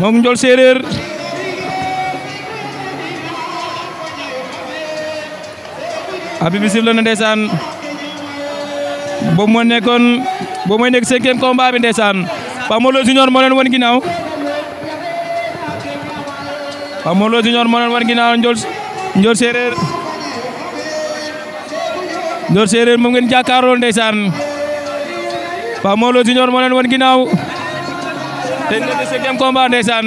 moom njol séeréer abi bi sif la na ndeysaan boobu moo nekkoon boobu mooy nekk cinquième combat bi ndeysaan Pape Mor Lo Junior moo leen wan ginnaaw Pape Mor Lo Junior moo leen wan ginnaaw njol njol séeréer njol séeréer moom ngeen jàkkaarloo ndeysaan Pape Mor Lo Junior moo leen wan ginnaaw dégg nga deuxième combat ndeysaan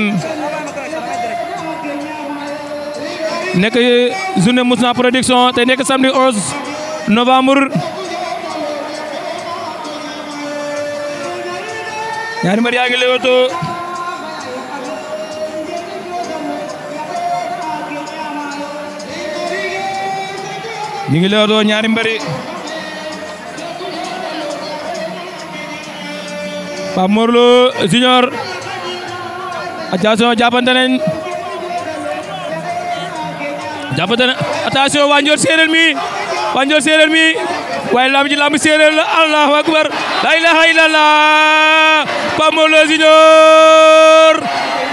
nekk journée production te nekk samedi 11 novembre ñaari mbër yaa ngi leewtoo ñu ngi leewtoo ñaari mbër Pape Mor Lo Junior attention jàppante nañ jàppante nañ attention waa Ndiol séeréer mi waaye lamb ji lamb séeréer la allahu akbar la ilaha illallah Pape Mor Lo Junior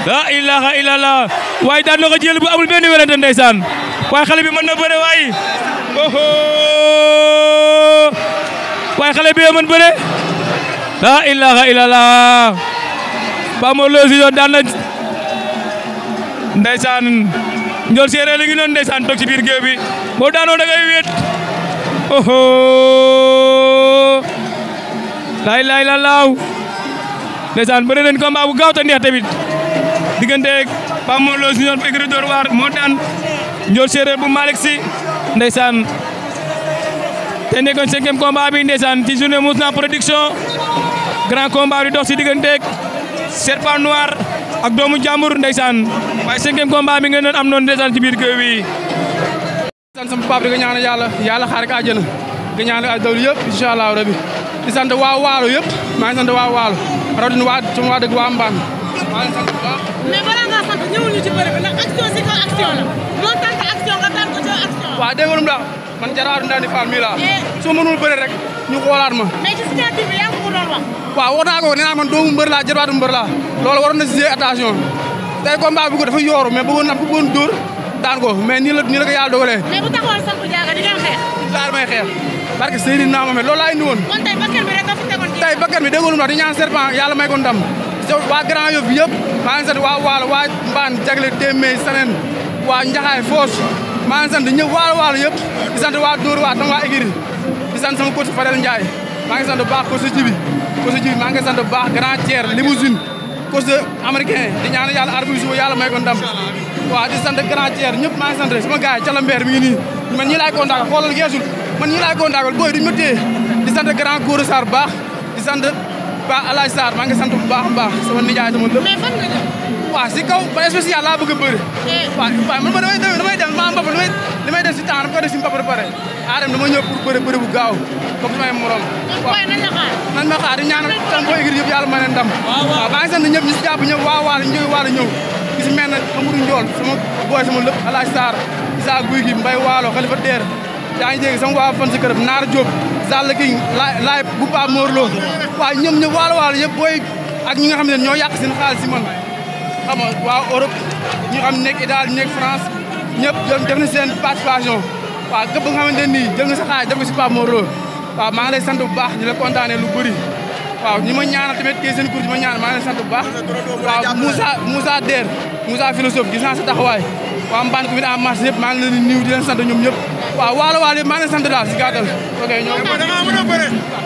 la ilaha illallah waaye daan na bu amul benn werante ndeysaan waaye xale bi mën na bëre waaye oho waaye xale bi mën bëre la ilaha illallah Pape Mor Lo Junior daan na ndeysaan Ndiol Séeréer la ngi noonu ndeysaan toog ci biir géew bi boo daanoo da ngay wéet oho la ilaha illallah ndeysaan bëri nañ combat bu gaaw te neex tamit diggante Pape Mor Lo Junior fekk door waar moo daan Ndiol Séeréer bu Malick Sy ndeysaan te nekkoon cinquième combat bi ndeysaan ci journée Mousna production grand combat di dox si digganteeg serpent noir ak doomu jàmbur ndeysaan waaye cinquième combat bi ngeen am noonu ndeysaan ci biir géew wi. di sant sama papa di nga ñaanal yàlla yàlla allahu rabi di sant waa waalo waalo rawatina maa ngi sant bu baax. mais balaa ngaa sant ñëwul ñu ci bëri bi ndax action si kaw action man jaraatu Ndandi Fall mii laa eh. su ma mënul rek ñu xoolaat ma. waa bi naa ko nee man doomu mbër laa jarwaatu mbër laa loolu waroon na si attention bi tey combat bi ko dafa yooru mais bëggoon na bëggoon dóor daan ko mais nii la nii la ko yàlla may xeex parce que Seydina Mohamed loolu laa indi woon. kon tey bakkan bi rek nga fi tegoon. ma wax di ñaan serpent yàlla may ko ndam waa Grand Yoff yëpp ngi sant waa Waalo waa Njaxaay Foos maa ngi sant ñëpp Waalo Waalo yëpp di sant waa Dóor waa tam waa Igiri di sant sama coach Fadel Ndiaye maa ngi sant bu baax coach maa ngi sant bu baax grand tier limousine coach américain di ñaan yàlla arbitre suba yàlla may ko ndam di sant grand tier ñëpp maa ngi sant sama gars yi calambeer mi ngi nii man ñii laay kontaakal xoolal geesul man ñii laay kontaakal booy duñu ma téye di sant grand Gora Sarr bu baax di sant ba Alaaj Sarr maa ngi sant bu baax a baax sama nijaay sama lépp mais fan nga si kaw ba spécial laa bëgg a bëri eh. waaw waaw man ma damay dem maa mbaba damay li may def si temps dama ko def si mbaa ba pare Adama dama ñëw pour bëri bëri bu gaaw comme samay morom. waaw nañ la xaar. nañ ma xaar di ñaanal sama booy yëpp yàlla ma leen ndam. waaw waaw maa ngi sant ñëpp ñu si jàpp ñëpp waa waal ñu jógee waal ñëw. ki si mel ne Amadou Ndiol sama booy sama lépp El Hadj Sarr Issa Guy gi Mbaye Waalo Khalifa Deer yaa ngi dégg sama waa fan si këram Naar Diop Zalla King laay bu Paa Mor Lo waaw ñëpp waalo waalo yëpp booy ak ñi nga xam ne ñoo si man xam nga waa ñëpp ñoom def na seen participation waaw képp nga xamante nii def na sa xaalis def ko si Pape Mor Lo waaw maa ngi lay sant bu baax ñu la kontaanee lu bëri waaw ñi ma ñaanal tamit kii seen cours ñi ma ñaanal maa ngi lay sant bu baax waaw Der Moussa philosophe gis naa sa taxawaay waa Mbane ku fi en marche yëpp maa ngi leen di nuyu di leen sant ñoom ñëpp waaw waalo waalo yëpp maa ngi leen sant daal si gàttal ok ñoo